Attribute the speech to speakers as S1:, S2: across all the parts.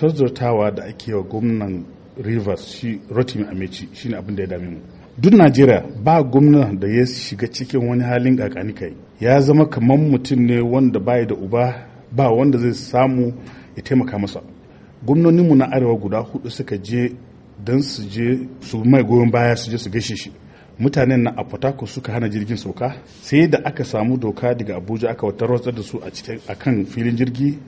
S1: tozartawa da ake wa gwamnan rivers shi rotimi amechi shine abin da ya dame mu duk najeriya ba gwamna da ya shiga cikin wani halin kakani kai ya zama kamar mutum ne wanda bai da uba ba wanda zai samu ya taimaka masa gwamnoninmu na arewa guda hudu suka je don su je su mai goyon baya su je su gaishe shi mutanen na a suka hana jirgin sauka sai da aka samu doka daga abuja aka wata da su a kan filin jirgi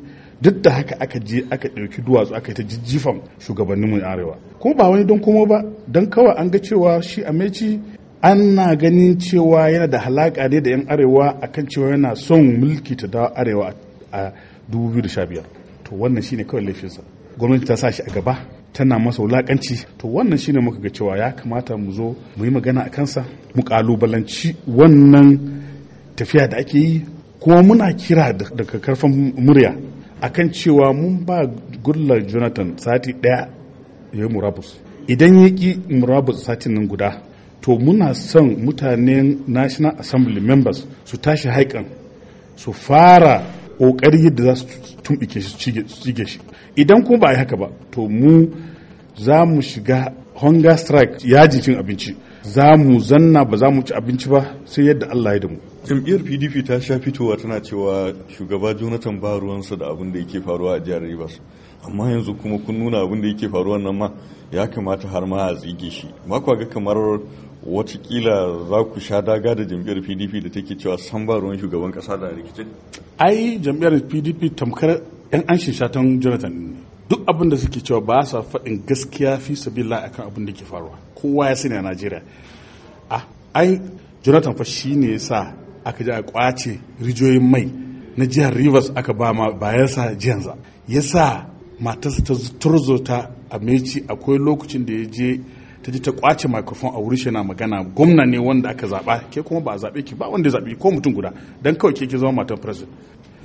S1: duk da haka aka je aka ɗauki duwatsu aka yi ta jijjifan shugabannin mu arewa ko ba wani don komo ba don kawai an ga cewa shi An na ganin cewa yana da halaka ne da 'yan arewa akan cewa yana son mulki ta dawo arewa a 2015 to wannan shine kawai laifinsa gwamnati ta sa shi a gaba tana masa wulakanci to wannan shine muka ga cewa ya kamata mu zo mu yi magana a kansa mu kalubalanci wannan tafiya da ake yi kuma muna kira daga karfan murya akan cewa mun ba gullar jonathan sati daya ya yi murabus idan ya ƙi murabus satin nan guda to muna son mutanen national assembly members su tashi haikan su fara ƙoƙari yadda za su tumbike shi cige shi idan kuma ba a yi haka ba to mu za mu shiga hunger strike yajin cin abinci za mu zanna ba za mu ci abinci ba sai yadda Allah ya da mu.
S2: Jam'iyyar PDP ta sha fitowa tana cewa shugaba Jonathan ba ruwansa da abin da yake faruwa a jihar Rivers. Amma yanzu kuma kun nuna abin da yake faruwa nan ma ya kamata har ma a tsige shi. Makwa ga kamar watakila za ku sha daga da jam'iyyar PDP da take cewa san ba ruwan shugaban kasa da rikicin.
S1: Ai jam'iyyar PDP tamkar 'yan an shatan Jonathan ne. duk abin da suke cewa ba sa faɗin gaskiya fi la'a akan abin da ke faruwa kowa ya sani a najeriya a ai jonathan fa shi ne sa aka ji a kwace rijiyoyin mai na jihar rivers aka ba ma bayansa jihansa ya sa matarsa ta turzota a meci akwai lokacin da ya je ta ji ta kwace microphone a wuri shi magana gwamna ne wanda aka zaba ke kuma ba a zabe ki ba wanda ya zabe ko mutum guda dan kawai ke ke zama matar president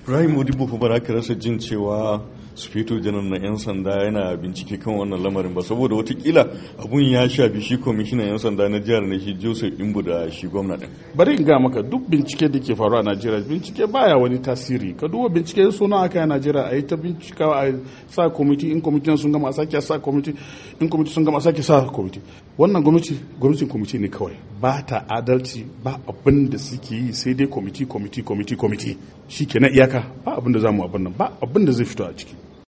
S1: Ibrahim Modibo
S2: fa ba ka rasa jin cewa su fito janar na 'yan sanda yana bincike kan wannan lamarin ba saboda watakila abun ya shafi shi kwamishinan 'yan
S1: sanda na jihar na shi Joseph Imbu da shi gwamna ɗin. Bari in ga maka duk bincike da ke faru a Najeriya bincike baya wani tasiri ka duba bincike suna aka a Najeriya a yi ta bincika a sa kwamiti in kwamitin sun gama sake sa kwamiti in kwamiti sun gama a sake sa kwamiti wannan gwamnati gwamnatin kwamiti ne kawai ba ta adalci ba abinda da suke yi sai dai kwamiti kwamiti kwamiti kwamiti shi ke na iyaka ba abin za mu abin ba abin zai fito a ciki